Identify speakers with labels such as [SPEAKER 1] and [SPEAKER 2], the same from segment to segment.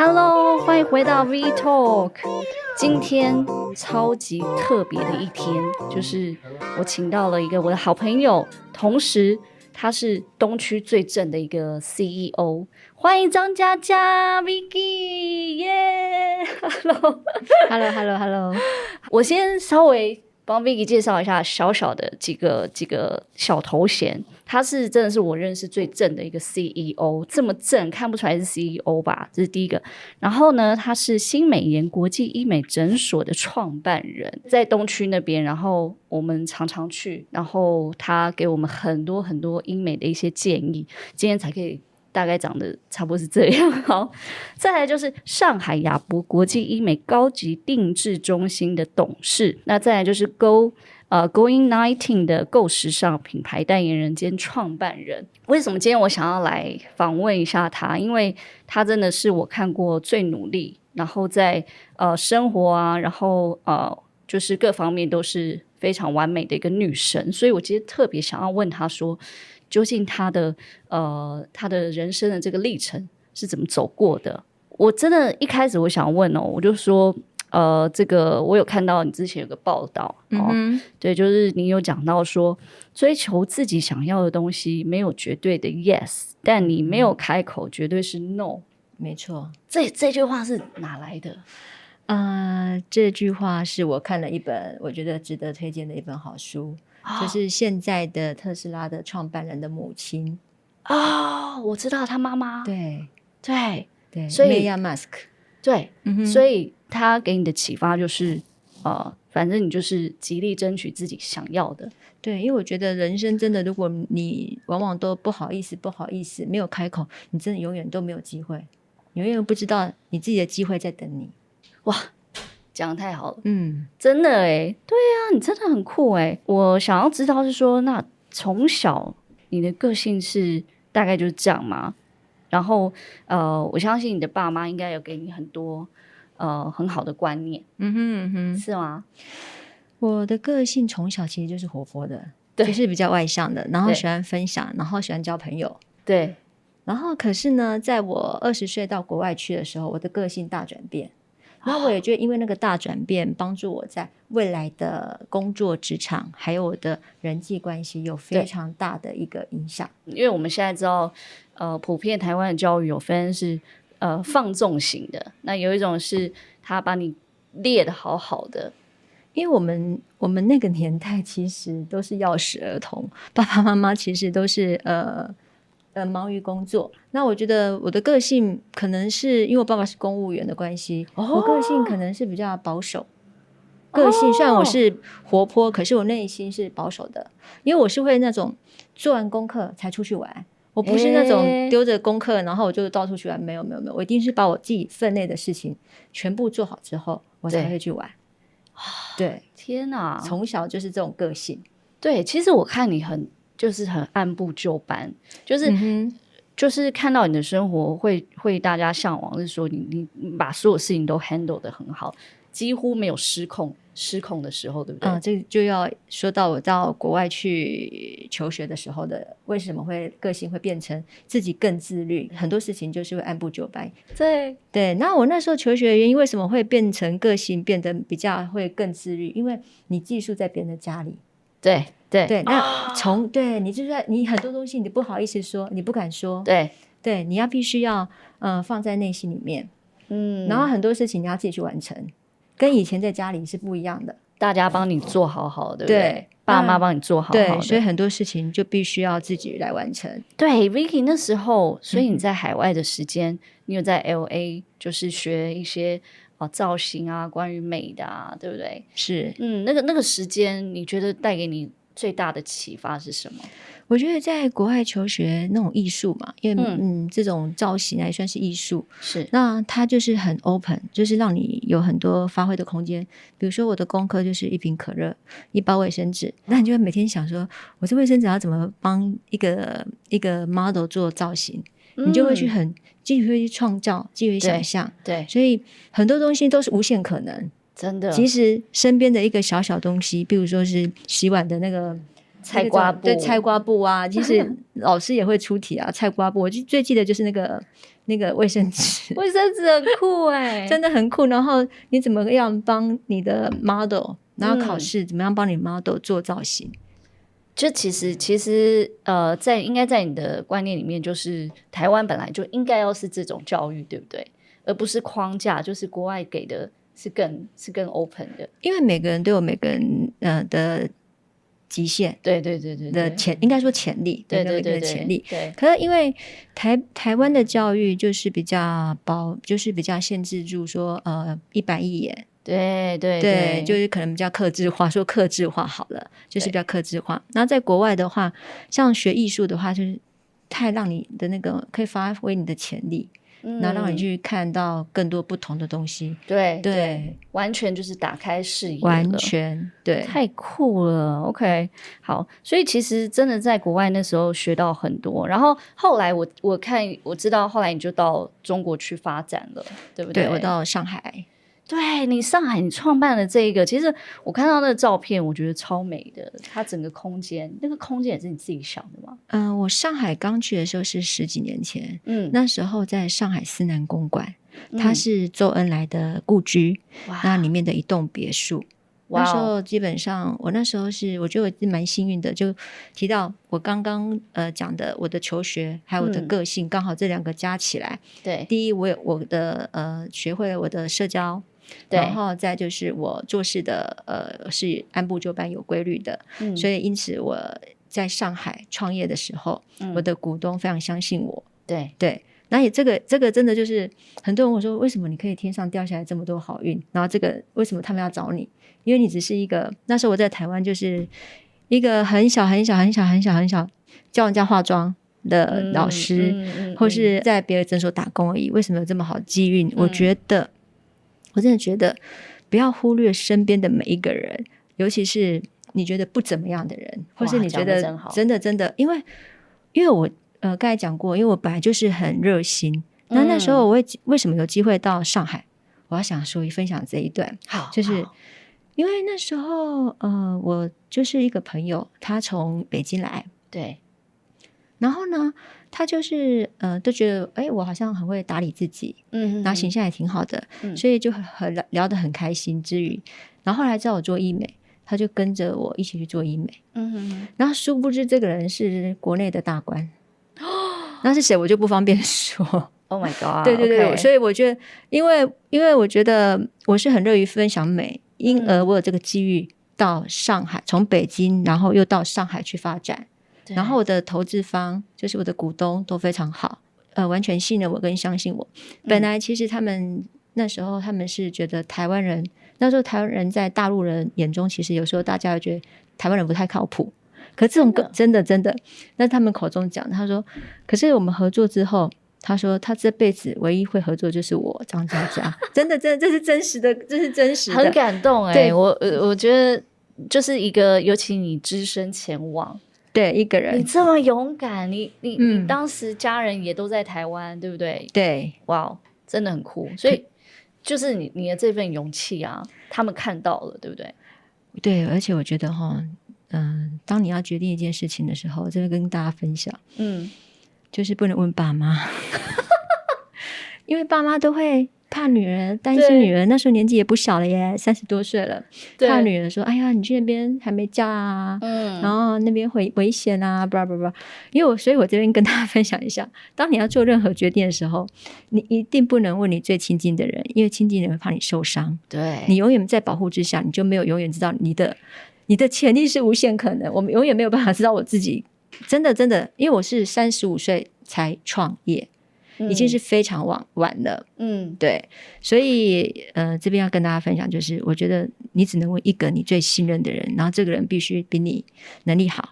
[SPEAKER 1] Hello，歡迎回到 V Talk。今天超級特別的一天，就是我請到了一個我的好朋友，同時他是東區最正的一個 CEO。歡迎張嘉佳 Vicky，耶！Hello，Hello，Hello，Hello。我先稍微。幫 Vicky 介紹一下小小的幾個幾個小頭銜，他是真的是我認識最正的一個 CEO，這麼正看不出來是 CEO 吧？這是第一個。然後呢，他是新美顏國際醫美診所的創辦人，在東區那邊。然後我們常常去，然後他給我們很多很多醫美的一些建議，今天才可以。大概長得差不多是這樣。好，再來就是上海雅博國際醫美高級定製中心的董事。那再來就是 Go 呃 Going Nineteen 的 Go 時尚品牌代言人兼創辦人。為什麼今天我想要來訪問一下他？因為他真的是我看過最努力，然後在呃生活啊，然後呃就是各方面都是非常完美的一個女神。所以，我其實特別想要問他說。究竟他的呃，他的人生的這個歷程是怎麼走過的？我真的，一開始我想問哦，我就說，呃，這個我有看到你之前有個報道，哦，嗯哼。對，就是你有講到說，追求自己想要的東西沒有絕對的 yes，但你沒有開口，絕對是 no。沒錯，
[SPEAKER 2] 這這句話是哪來的？呃，這句話是我看了一本我覺得值得推薦的一本好書，哦、就是現在的特斯拉的創辦人的母
[SPEAKER 1] 親哦，我知道他媽媽，對對對，對對所以 Maye Musk Musk 對，嗯、哼所以他給你的啟發就是，對呃，反正你就是極力爭取自己想要的，對，因為我覺得人生真的，如果你往
[SPEAKER 2] 往都不好意思，不好意思沒有開口，你真的永遠都沒有機會，你永遠不知道
[SPEAKER 1] 你自己的機會在等你。哇，講的太好了，嗯，真的哎、欸，對啊，你真的很酷哎、欸，我想要知道是說，那從小你的個性是大概就是這樣嗎？然後，呃，我相信你的爸媽應該有給你很多呃很好的觀念，嗯哼嗯哼，是嗎？
[SPEAKER 2] 我的個性從小其實就是活潑的，對，就是比較外向的，然後喜歡分享，對然後喜歡交朋友，對，然後可是呢，在我二十歲到國外去的時候，我的個性大轉變。那我也覺得，因為那個大轉變，幫助我在未來的
[SPEAKER 1] 工作、職場，還有我的人際關係，有非常大的一個影響。因為我們現在知道，呃，普遍台灣的教育有分是，呃，放縱型的。那有一種是，他把你列得好好的。因為我們
[SPEAKER 2] 我們那個年代，其實都是鑰匙兒童，爸爸媽媽其實都是呃。忙於工作。那我覺得我的個性可能是因為我爸爸是公務員的關係，哦、我個性可能是比較保守。個性雖然我是活潑，哦、可是我內心是保守的，因為我是會那種做完功課才出去玩。欸、我不是那種丟着功課，然後我就到處去玩。沒有沒有沒有，我一定是把我自己分內的事情全部做好之後，我才會去玩。
[SPEAKER 1] 對，對天哪，從小就是這種個性。對，其實我看你很。就是很按部就班，就是、嗯、哼就是看到你的生活會會大家嚮往，是說你你把所有事情都 handle 得很好，幾乎沒有失控失控的時候，對不對？啊、嗯，這就要說到我到國外去求學的時候的，為什麼
[SPEAKER 2] 會個性會變成自己更自律，很多事情就是會按部就班。對對，那我那時候求學的原因，為什麼會變成個性變得比較會更自律？嗯、因為你寄宿在別人的家裡。對。對對，那從、啊、對你就是說，你很多東西你都不好意思說，你不敢說。對對，你要必須要嗯、呃、放在內心裡面，
[SPEAKER 1] 嗯。然後很
[SPEAKER 2] 多事情你要自己去完成，跟以前在家裡是不一樣的。大家幫你做好好
[SPEAKER 1] 的，對不、嗯、對？爸媽幫你做好好的、嗯對，所以
[SPEAKER 2] 很多事情就必須要自己來完
[SPEAKER 1] 成。對，Vicky 那時候，所以你在海外的時間，嗯、你有在 LA 就是學一些造型啊，關於美的啊，對不對？是，嗯，那個那個時間你覺得帶給你。最大的啟發是什麼？
[SPEAKER 2] 我覺得在國外求學那種藝術嘛，因為嗯，嗯這種造型也算是藝術。是，那它就是很 open，就是讓你有很多發揮的空間。比如說我的功課就是一瓶可樂，一包衛生紙，嗯、那你就會每天想說，我這衛生紙要怎麼幫一個一個 model 做造型？
[SPEAKER 1] 嗯、你就會去很，
[SPEAKER 2] 繼續去創造，繼續想象。對，所以很多東西都是無限可能。
[SPEAKER 1] 真的，其實
[SPEAKER 2] 身邊的一個小小東西，比如說是洗碗的那個，那個
[SPEAKER 1] 菜瓜布，對菜瓜布啊，其實
[SPEAKER 2] 老師也會出題啊， 菜瓜布。我最最記得就是那個那個衛生紙，
[SPEAKER 1] 衛 生紙很酷哎、欸，真的
[SPEAKER 2] 很酷。然後你怎麼樣幫你的 model，然後考試怎麼樣幫你 model 做造型？嗯、
[SPEAKER 1] 就其實其實呃，在應該在你的觀念裡面，就是台灣本來就應該要是這種教育，對不對？而不是框架，就是國外給的。是更是更 open
[SPEAKER 2] 的，因為每個人都有每個人呃的極限，對對對對的潛，應該說潛力，對對對潛力，對。可是因為台台灣的教育就是比較包，就是比較限制住說呃一板一眼，對對對，就是可能比較克制化，說克制化好了，就是比較克制化。那在國外的話，像學藝術的話，就是太讓你的那個可以發揮你的潛力。然後讓你去看到
[SPEAKER 1] 更多不同的東西，嗯、對對，對，完全就是打開視野，完全對，太酷了。OK，好，所以其實真的在國外那時候學到很多，然後後來我我看我知道後來你就到中國去發展了，對不對？對，我到上海。對，你上海，你創辦了這一個，其實我看到那個照片，我覺得超美的。它整個空間，那個空間也是你自己想的嗎？嗯、呃，我
[SPEAKER 2] 上海剛去的時候是十幾年前，嗯，那時候在上海思南公館，嗯、它是周恩來的故居，那哇裡面的一棟別墅。哇那時候基本上，我那時候是我覺得我蠻幸運的，就提到我剛剛呃講的我的求學，還有我的個性，嗯、剛好這兩個加起來，對，第一，我我的呃，學會了我的社交。然後再就是我做事的呃是按部就班有規律的，嗯、所以因此我在上海創業的時候，嗯、我的股東非常相信我。對、嗯、對，那也這個這個真的就是很多人我說為什麼你可以天上掉下來這麼多好運，然後這個為什麼他們要找你？因為你只是一個那時候我在台灣就是一個很小很小很小很小很小教人家化妝的老師，嗯嗯嗯嗯、或是在別的診所打工而已。為什麼有這麼好機運？嗯、我覺得。我真的覺得，不要忽略身邊的每一個人，尤其是你覺得不怎麼樣的人，哇或是你覺得真的真的，真因為因為我呃剛才講過，因為我本來就是很熱心，嗯、那那時候我會為什麼有機會到上海，我要想說一分享這一段，好，就是因為那時候好呃我就是一個朋友，他從北京來，對，然後呢。他就是，嗯、呃，都覺得，哎、欸，我好像很會打理自己，嗯哼
[SPEAKER 1] 哼，然後形
[SPEAKER 2] 象也挺好的，嗯、所以就很很聊得很開心之餘，然後後來找我做醫美，他就跟着我一起去做醫美，嗯哼哼，然後殊不知這個人是國內的大官，哦、嗯，那是誰我就不方便說。Oh my God！ 對對對，Okay. 所以我覺得，因為因為我覺得我是很樂於分享美，因而我有這個機遇到上海，嗯、從北京，然後又到上海去發展。然後我的投資方就是我的股東都非常好，呃，完全信任我跟相信我。嗯、本來其實他們那時候他們是覺得台灣人，那時候台灣人在大陸人眼中，其實有時候大家覺得台灣人不太靠譜。可是這種真的真的，那他們口中講，他說，可是我們合作之後，他說他這輩子唯一會合作就是我張嘉佳，
[SPEAKER 1] 真的真的這是真實的，這是真實的，很感動哎、欸，對我我覺得就是一個，尤其你只身前往。對，一個人，你這麼勇敢，你你、嗯、你當時家人也都在台灣，對不對？對，哇，wow，真的很酷。所以就是你你的這份勇氣啊，他們看到了，對
[SPEAKER 2] 不對？對，而且我覺得哈，嗯、呃，當你要決定一件事情的時候，就會跟大家分享，
[SPEAKER 1] 嗯，
[SPEAKER 2] 就是不能問爸媽， 因為爸媽都會。怕女人擔心女人，對那時候年紀也不小了耶，三十多歲了。對怕女人說：“哎呀，你去那邊還沒嫁啊？”嗯，然後那邊會危險啊，不，不，不，因為我，所以我這邊跟大家分享一下：當你要做任何決定的時候，你一定不能問你最親近的人，因為親近的人怕你受傷。對，你永遠在保護之下，你就沒有永遠知道你的你的潛力是無限可能。我們永遠沒有辦法知道我自己，真的真的，因為我是三十五歲才創業。已經是非常晚晚了，嗯，對，所以呃，這邊要跟大家分享，就是我覺得你只能問一個你最信任的人，然後這個人必須比你能力好，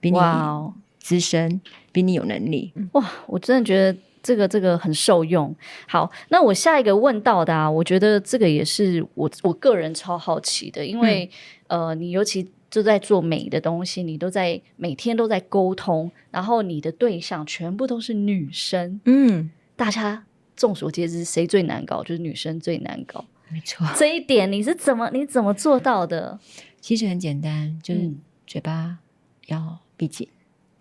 [SPEAKER 2] 比你資深，哇比
[SPEAKER 1] 你有能力。嗯、哇，我真的覺得這個這個很受用。好，那我下一個問到的，啊，我覺得這個也是我我個人超好奇的，因為、嗯、呃，你尤其。就在做美的東西，你都在每天都在溝通，然後你的對象全部都是女生，嗯，大家眾所皆知，誰最難搞就是女生最難搞，沒錯，這一點你是怎麼你怎麼做到的？其實
[SPEAKER 2] 很簡單，就是嘴巴要閉緊，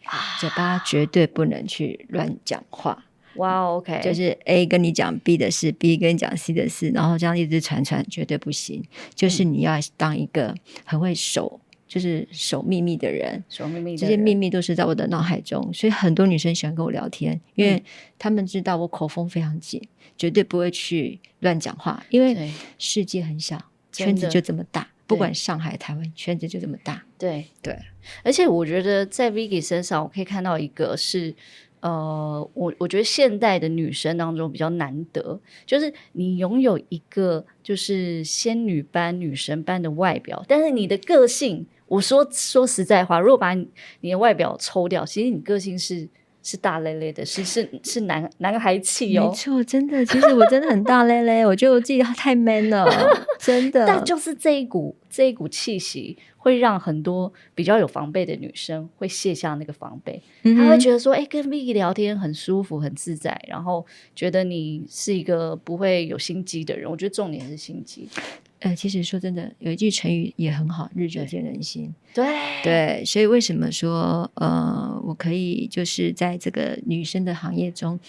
[SPEAKER 2] 嗯，嘴巴絕對不能去亂講話。
[SPEAKER 1] 哇，OK，就是
[SPEAKER 2] A 跟你講 B 的事，B 跟你講 C 的事，然後這樣一直傳傳，絕對不行。就是你要當一個很會守。嗯就是守秘密的人，守秘密。這些秘密都是在我的腦海中，所以很多女生喜歡跟我聊天，嗯、因為他們知道我口風非常緊，絕對不會去亂講話。因為世界很小，對圈子就這麼大，真的不管上海、對台灣，圈子就這麼大。
[SPEAKER 1] 對對，對而且我覺得在 Vigi 身上，我可以看到一個是，呃，我我覺得現代的女生當中比較難得，就是你擁有一個就是仙女般、女神般的外表，但是你的個性、嗯。我說說實在話，如果把你你的外表抽掉，其實你個性是是大咧咧的，是是是男男孩氣喲、哦。沒
[SPEAKER 2] 錯，真的，其實我真的很大咧咧， 我覺得我自己太 man 了，
[SPEAKER 1] 真的。 但就是這一股這一股氣息，會讓很多比較有防備的女生會卸下那個防備，她、嗯、哼會覺得說，哎、欸，跟 Vigi 聊天很舒服、很自在，然後覺得你是一個不會有心機的人。我覺得重點是心機。
[SPEAKER 2] 哎，其實說真的，有一句成語也很好，“日久見人心”對。對對，所以為什麼說呃，我可以就是在這個女生的行業中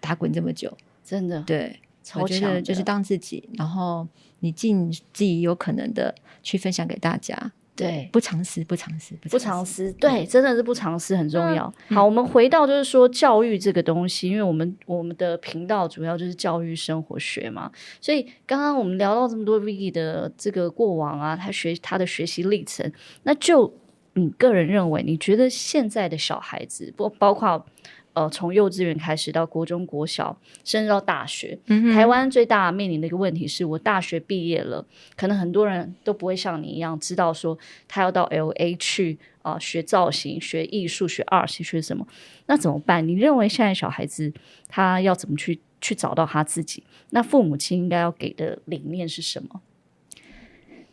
[SPEAKER 2] 打滾這麼久，真的對，
[SPEAKER 1] 超強的，我覺得就是當
[SPEAKER 2] 自己，然後你盡自己有可能的去分享給大家。對，不償失，不償失，
[SPEAKER 1] 不償失，不償失。對，真的是不償失，很重要。嗯、好，嗯、我們回到就是說教育這個東西，因為我們我們的頻道主要就是教育生活學嘛，所以剛剛我們聊到這麼多 Vigi 的這個過往啊，對他學他的學習歷程，那就你個人認為，你覺得現在的小孩子不包括？呃，從幼稚園開始到國中、國小，甚至到大學，嗯、哼台灣最大面臨的一個問題是我大學畢業了，可能很多人都不會像你一樣知道說他要到 LA 去啊、呃、學造型、學藝術、學二術學什麼，那怎麼辦？你認為現在小孩子他要怎麼去去找到他自己？那父母親應該要給的理念是什麼？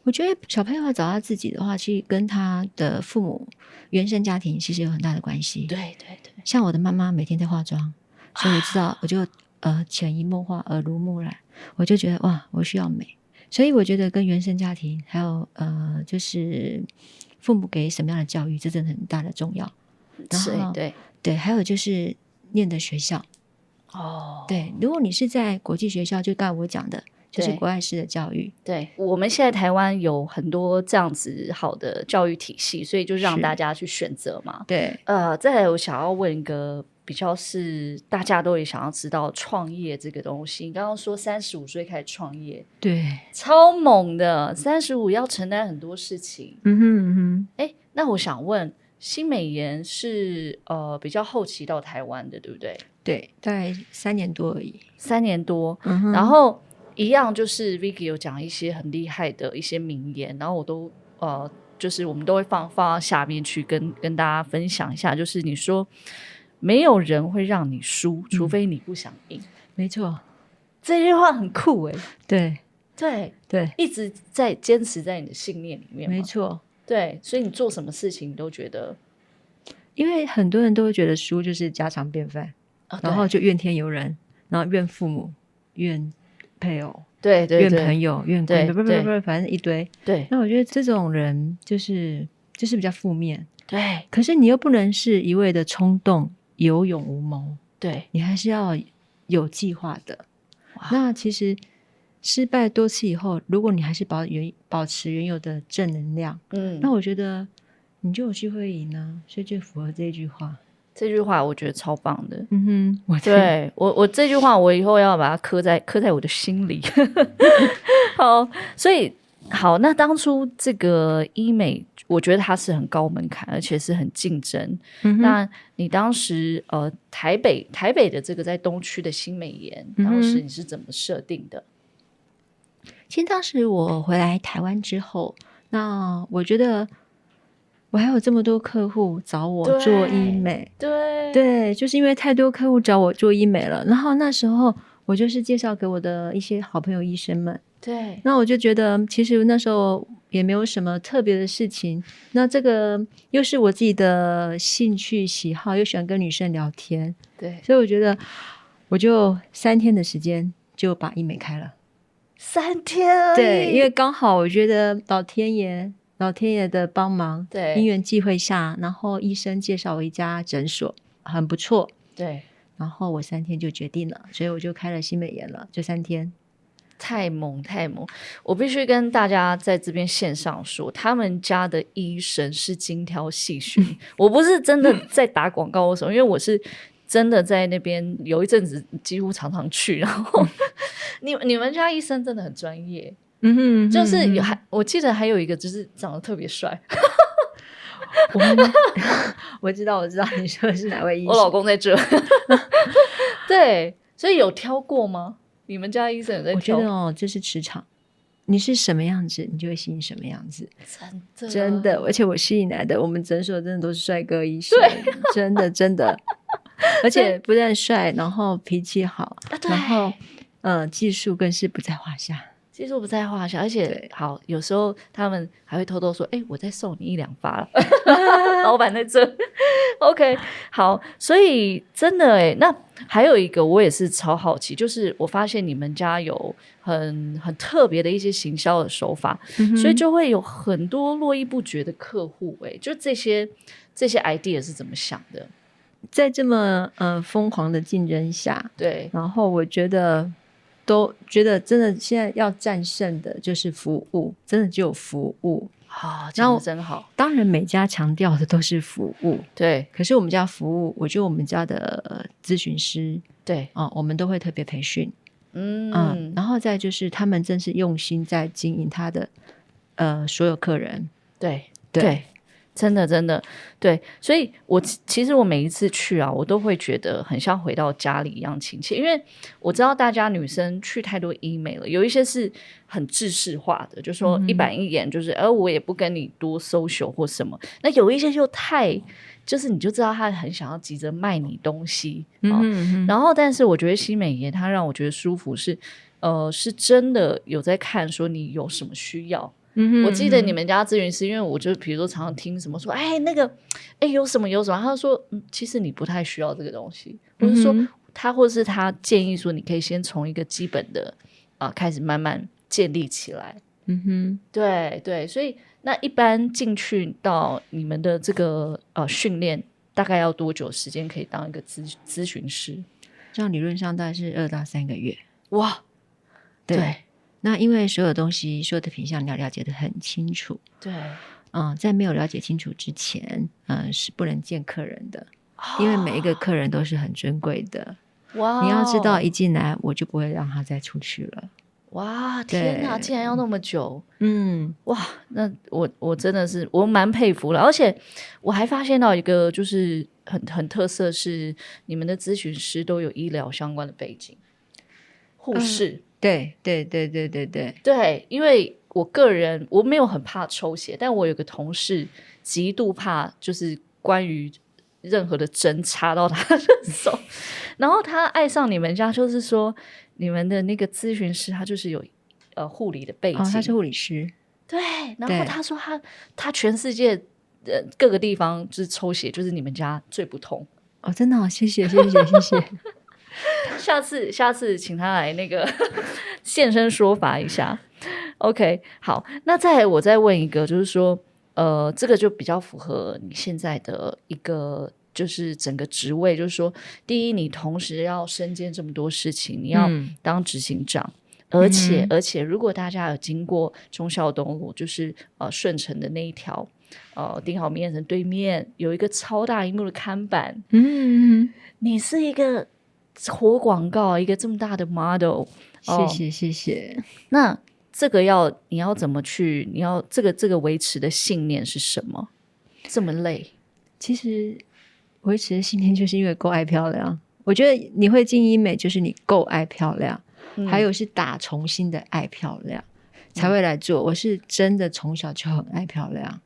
[SPEAKER 1] 我覺得小朋友要找他自己的話，
[SPEAKER 2] 其實跟他的父母原生家庭其實有很大的關係。對對對，像我的媽媽每天在化妝，啊、所以我知道，我就呃潛移默化、耳濡目染，我就覺得哇，我需要美。所以我覺得跟原生家庭還有呃，就是父母給什麼樣的教育，這真的很大的重要。然後是，對對，還有就是念的學校。哦，對，如果你是在國際學校，就剛才我講的。就是國外式的教育，
[SPEAKER 1] 對,對，我們現在台灣有很多這樣子好的教育體系，所以就讓大家去選擇嘛。對，呃，再來我想要問一個比較是大家都也想要知道創業這個東西。你剛剛說三十五歲開始創業，對，超猛的，三十五要承擔很多事情。嗯哼嗯哼，哎、欸，那我想問，新美顏是呃比較後期到台灣的，對不對？
[SPEAKER 2] 對，大概三年多而已，三年多，嗯哼，然後。
[SPEAKER 1] 一樣就是 Vicky 有講一些很厲害的一些名言，然後我都呃，就是我們都會放放到下面去跟跟大家分享一下。就是你說沒有人會讓你輸，除非你不想贏。嗯。沒錯，這句話很酷誒、欸，對對對，對對，一直在堅持在你的信念裡面。沒錯錯，對，所以你做什麼事情你都覺得，
[SPEAKER 2] 因為很多人都會覺得輸就是家常便飯，哦，然後就怨天尤人，然後怨父母怨。配偶，對對對，怨，怨朋友，怨不不不不，反正一堆，對，對，對，那我覺得這種人就是就是比較負面。對，可是你又不能是一味的衝動，有勇無謀。對，你還是要有計劃的。對，那其實失敗多次以後，如果你還是保原保持原有的正能量，嗯，那我覺得你就有機會贏呢。所以就符合這一句話。
[SPEAKER 1] 這句話我覺得超棒的，嗯哼，我對我我這句話我以後要把它刻在刻在我的心裡。 好，所以好，那當初這個醫美，我覺得它是很高門檻，而且是很競爭。嗯哼，那你當時呃，台北台北的這個在東區的新美顏，嗯哼，當時你是怎麼設定的？
[SPEAKER 2] 其實當時我回來台灣之後，那我覺得。我還有這麼多客戶找我做醫美，對對、對，就是因為太多客戶找我做醫美了。然後那時候我就是介紹給我的一些好朋友醫生們，對。那我就覺得其實那時候也沒有什麼特別的事情。那這個又是我自己的興趣喜好，又喜歡跟女生聊天，對。所以我覺得我就三天的時間就把醫美開了，
[SPEAKER 1] 三天，對，因為
[SPEAKER 2] 剛好我覺得老天爺。老天爺的幫忙，對，姻緣際會下，然後醫生介紹我一家診所，很不錯，
[SPEAKER 1] 對。然後我三天就決定了，所以我就開了新美顏了，就三天，太猛太猛！我必須跟大家在這邊線上說，他們家的醫生是精挑細選，嗯、我不是真的在打廣告，為什麼、嗯？因為我是真的在那邊有一陣子幾乎常常去，然後 你你們家醫生真的很專業。嗯哼，就是還、嗯、哼我記得還有一個，就是長得特別帥。 我，呢 我知道，我知道你說的是哪位醫生。我老公在這。 對，所以有挑過嗎？ 你們家醫、e、生有在挑嗎？我覺
[SPEAKER 2] 得哦，這是磁場，你是什麼樣子，你就會吸引什麼樣子。真的，真的，而且我吸引來的我們診所真的都是帥哥醫生，真的對真的，真的 以而且不但帥，然後脾氣好，然後、啊、嗯技術更是不
[SPEAKER 1] 在話下。其實不在話下，而且對好，有時候他們還會偷偷說：“欸、我再送你一兩發。” 老闆在這，OK。好，所以真的哎、欸，那還有一個我也是超好奇，就是我發現你們家有很很特別的一些行銷的手法，嗯、哼所以就會有很多絡繹不絕的客戶。哎，就這些這些 idea 是怎麼想的？在這麼嗯
[SPEAKER 2] 呃、瘋狂的競爭下，對，然後我覺得。都覺得真的，現在要戰勝的就是服務，真的就服務啊，然後、哦、真好。當然，每家強調的都是服務，對。可是我們家服務，我覺得我們家的諮詢師，對啊、呃，我們都會特別培訓，
[SPEAKER 1] 嗯、呃，
[SPEAKER 2] 然後再就是他們真是用心在經營他的，呃，所有客人，對
[SPEAKER 1] 對。對對真的，真的，對，所以我，我其實我每一次去啊，我都會覺得很像回到家裡一樣親切，因為我知道大家女生去太多醫美了，有一些是很制式化的，就說一板一眼，就是，而、嗯呃、我也不跟你多 social 或什麼。那有一些就太，就是你就知道他很想要急着賣你東西，啊、嗯，嗯，嗯，然後，但是我覺得新美顏它讓我覺得舒服，是，呃，是真的有在看說你有什麼需要。
[SPEAKER 2] 嗯哼，我記得你們
[SPEAKER 1] 家諮詢師，嗯哼，因為我就比如說，常常聽什麼說，哎，那個，哎，有什麼有什麼，他就說，嗯，其實你不太需要這個東西。嗯哼，我是說，他或是他建議說，你可以先從一個基本的啊，開始慢慢建立起來。嗯哼，對對，所以那一般進去到你們的這個呃訓練，大概要多久時間可以當一個諮諮詢師？這樣理論上大概是二到三個月。哇，對。對
[SPEAKER 2] 那因為所有東西、所有的品相，你要了解得很清楚。對，嗯、呃，在沒有了解清楚之前，嗯、呃，是不能見客人的，哦、因為每一個客人都是很尊貴的。
[SPEAKER 1] 哇！你要知道一進，
[SPEAKER 2] 一進來我就不會讓他再出去了。
[SPEAKER 1] 哇！天哪，對竟然要那麼久。嗯，哇，那我我真的是我蠻佩服了。而且我還發現到一個就是很很特色是，你們的諮詢師都有醫療相關的背景，
[SPEAKER 2] 護士。嗯
[SPEAKER 1] 對，對對對對對對對，因為我個人我沒有很怕抽血，但我有個同事極度怕，就是關於任何的針插到他的手， 然後他愛上你們家，就是說你們的那個諮詢師，他就是有呃護理的背景、哦，他是護理師，對，然後他說他他全世界呃各個地方就是抽血，就是你們家最不痛
[SPEAKER 2] 哦，真的哦，謝謝
[SPEAKER 1] 謝謝謝謝。謝謝 下次，下次請他來那個 現身說法一下。OK，好，那再我再問一個，就是說，呃，這個就比較符合你現在的一個，就是整個職位，就是說，第一，你同時要身兼這麼多事情，你要當執行長，嗯、而且，嗯、而且，如果大家有經過忠孝東路，就是呃，順城的那一條，呃，頂好名城對面有一個超大螢幕的看板，嗯，嗯，嗯，你是一個。活廣告一個這麼大的 model，謝謝、oh, 謝謝。謝謝。那這個要你要怎麼去？你要這個這個維持的信念是什麼？這麼累，其實維持的信念就是因為夠愛漂
[SPEAKER 2] 亮。嗯、我覺得你會進醫美，就是你夠愛漂亮，嗯、還有是打重新的愛漂亮、嗯、才會來做。我是真的從小就很愛漂亮，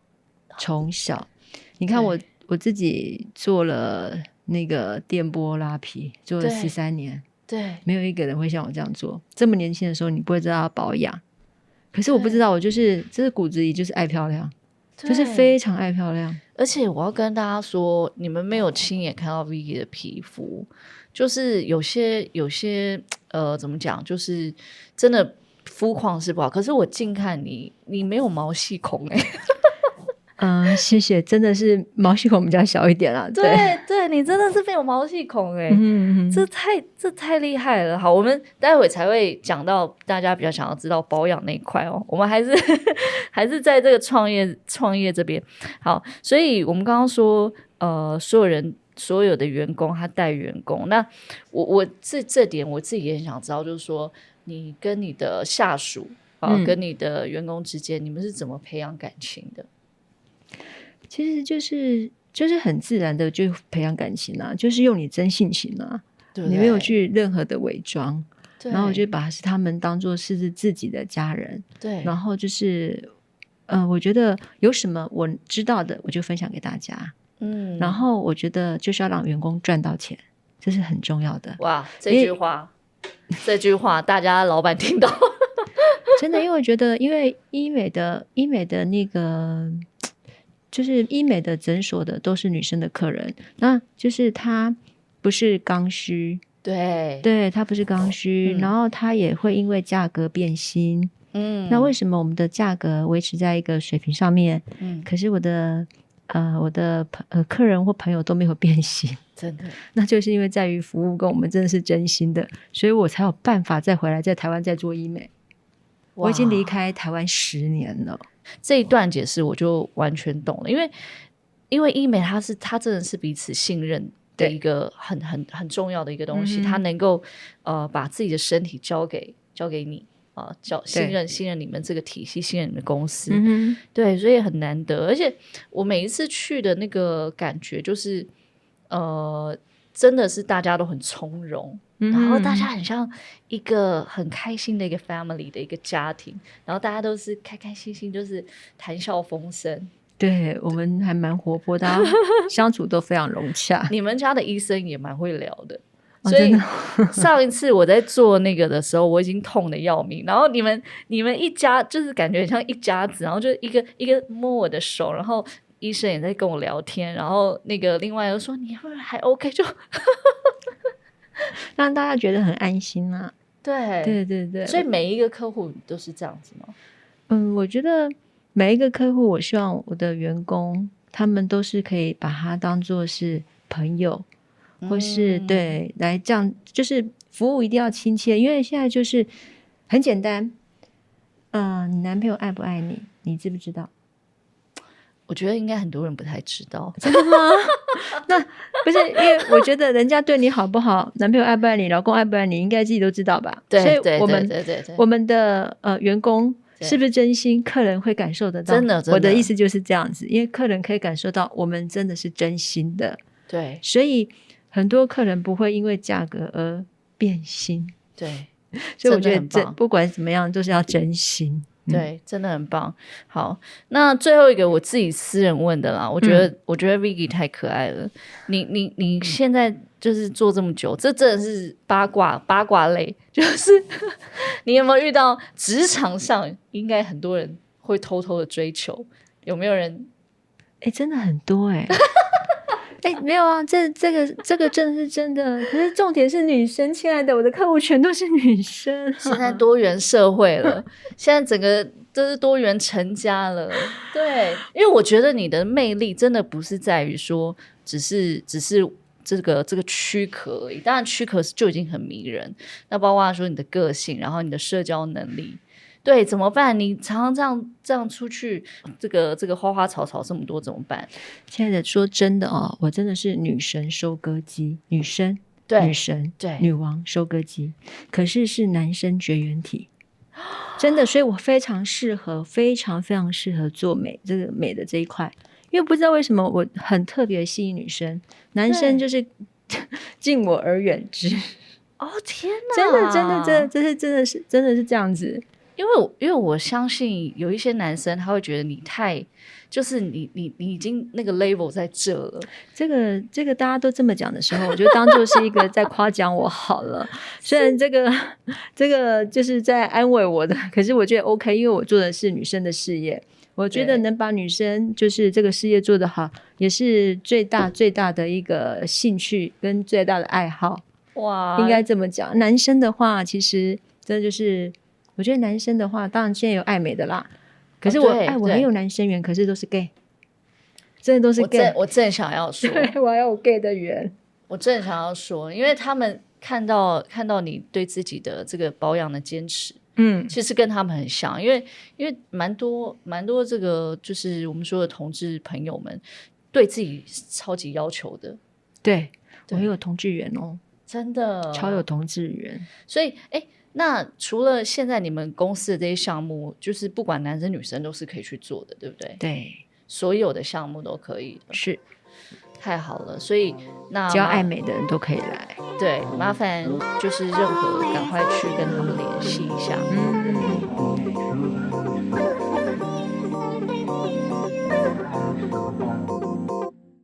[SPEAKER 2] 從小，嗯、你看我是我自己做了。那個電波拉皮做了十三年對，對，沒有一個人會像我這樣做。這麼年輕的時候，你不會知道要保養。可是我
[SPEAKER 1] 不知道，我就是，對這是骨子裡就是愛漂亮，
[SPEAKER 2] 對就是非
[SPEAKER 1] 常愛漂亮。而且我要跟大家說，你們沒有親眼看到 Vigi 的皮膚，就是有些有些呃，怎麼講，就是真的膚況是不好。可是我近看你，你沒有毛細孔哎、欸。
[SPEAKER 2] 嗯、呃，謝謝，真的是毛細孔比較小一點啦。 對，
[SPEAKER 1] 對你真的是沒有毛細孔哎、欸， 嗯哼嗯哼這，這太這太厲害了。好，我們待會才會講到大家比較想要知道保養那一塊哦、喔。我們還是 還是在這個創業創業這邊。好，所以我們剛剛說，呃，所有人所有的員工他帶員工，那我我這這點我自己也很想知道，就是說你跟你的下屬啊，跟你的員工之間，嗯、你們是怎麼培養感情的？
[SPEAKER 2] 其實就是就是很自然的，就培養感情啊，就是用你真性情啊，對，對，你沒有去任何的偽裝，對然後我就把他們當做是自己的家人，對，然後就是，嗯、呃，我覺得有什麼我知道的，我就分享給大家，嗯，然後我覺得就是要讓員工賺到錢，這是很重要的。哇，這句
[SPEAKER 1] 話，欸、這句話大家老板聽到
[SPEAKER 2] 真的，因為我覺得因為醫美的醫美的那個。就是醫美的診所的都是女生的客人，那就是她不是剛需，
[SPEAKER 1] 對，
[SPEAKER 2] 對，她不是剛需，嗯，然後她也會因為價格變心，嗯，那為什麼我們的價格維持在一個水平上面？嗯，可是我的呃我的朋呃客人或朋友都沒有變心，真的，那就是因為在於服務跟我們真的是真心的，所以我才有辦法再回來在台灣再做醫美，
[SPEAKER 1] 哇我已經離開台灣十年了。這一段解釋我就完全懂了，因為因為醫美它是它真的是彼此信任的一個很對很很重要的一個東西，它、嗯、哼能夠呃把自己的身體交給交給你啊、呃，交信任對信任你們這個體系，信任你們公司，嗯、哼對，所以很難得。而且我每一次去的那個感覺就是呃，真的是大家都很從容。然後大家很像一個很開心的一個 family 的一個家庭，然後大家都是開開心心，就是談笑風生。對我們
[SPEAKER 2] 還蠻活潑的、啊， 大家相處都非常融洽。你
[SPEAKER 1] 們家的醫生也蠻會聊的，所以上一次我在做那個的時候，我已經痛得要命。然後你們你們一家就是感覺很像一家子，然後就一個一個摸我的手，然後醫生也在跟我聊天，然後那個另外又說你會不會還 OK 就。
[SPEAKER 2] 讓大家覺得很安心啊。
[SPEAKER 1] 對對對對，所以每一個客戶都是這樣子嗎？
[SPEAKER 2] 嗯，我覺得每一個客戶，我希望我的員工他們都是可以把他當做是朋友，或是、嗯、對來這樣，就是服務一定要親切，因為現在就是很簡單，嗯、呃，你男朋友愛不愛你，你知不知道？
[SPEAKER 1] 我覺得應該很多人不太知道， 真的
[SPEAKER 2] 嗎？那不是因為我覺得人家對你好不好，男朋友愛不愛你，老公愛不愛你，應該自己都知道吧？對，所以我們我們的呃，呃員工是不是真心，客人會感受得到。真的，真的。我的意思就是這樣子，因為客人可以感受到我們真的是真心的。對，所以很多客人不會因為價格而變心。對，所以我覺得這不管怎麼樣，都、就是要真心。嗯、對，
[SPEAKER 1] 真的很棒。好，那最後一個我自己私人問的啦，我覺得、嗯、我覺得 Vigi 太可愛了。你你你現在就是做這麼久，嗯、這真的是八卦八卦類，就是 你有沒有遇到職場上應該很多人會偷偷的追求，有沒有人？哎、欸，真的很多哎、欸。
[SPEAKER 2] 哎、 欸，沒有啊，這這個這個真的是真
[SPEAKER 1] 的。可是重點是女生，親愛的，我的客戶全都是女生。現在多元社會了， 現在整個都是多元成家了。 對，因為我覺得你的魅力真的不是在於說，只是只是這個這個軀殼而已。當然軀殼就已經很迷人，那包括說你的個性，然後你的社交能力。對，怎麼辦？你常常這樣這樣出去，這個這個花花草草這麼多，怎麼辦？
[SPEAKER 2] 親愛的，說真的哦，我真的是女神收割機，女生，對，女神，對，女王收割機。可是是男生絕緣體， 真的，所以我非常適合，非常非常適合做美這個美的這一塊。因為不知道為什麼，我很特別吸引女生，男生就是敬
[SPEAKER 1] 對 我而遠之。哦天哪，真的，真的，真的，真的，真的是真的是真的是這樣子。因為我因為我相信有一些男生，他會覺得你太，就是你你你已經那個 label 在這了，這個這個大家都這麼講的時候，我就當做
[SPEAKER 2] 是一個在誇獎我好了。 是雖然這個這個就是在安慰我的，可是我覺得 OK，因為我做的是女生的事業，我覺得能把女生就是這個事業做得好，對也是最大最大的一個興趣跟最大的愛好。
[SPEAKER 1] 哇，應該這
[SPEAKER 2] 麼講。男生的話，其實真的就是。我覺得男生的話，當然現在有愛美的啦。
[SPEAKER 1] 可是我愛、哦、我也
[SPEAKER 2] 有男生緣，對可是都是 gay，真的都是 gay。我
[SPEAKER 1] 正想要說，對，我還有 gay 的緣。我正想要說，因為他們看到看到你對自己的這個保養的堅持，嗯，其實跟他們很像，因為因為蠻多蠻多這個就是我們說的同志朋友們，對自己是超級要求的。
[SPEAKER 2] 對，對我很有同志緣哦，
[SPEAKER 1] 真的超有
[SPEAKER 2] 同志緣。
[SPEAKER 1] 所以，哎。那除了現在你們公司的這些項目，就是不管男生女生都是可以去做的，對不對？對，所有的項目都可以。是，太好了，所以那只要愛美的人都可以來。對，麻煩就是任何、嗯、趕快去跟他們聯繫一下。嗯嗯。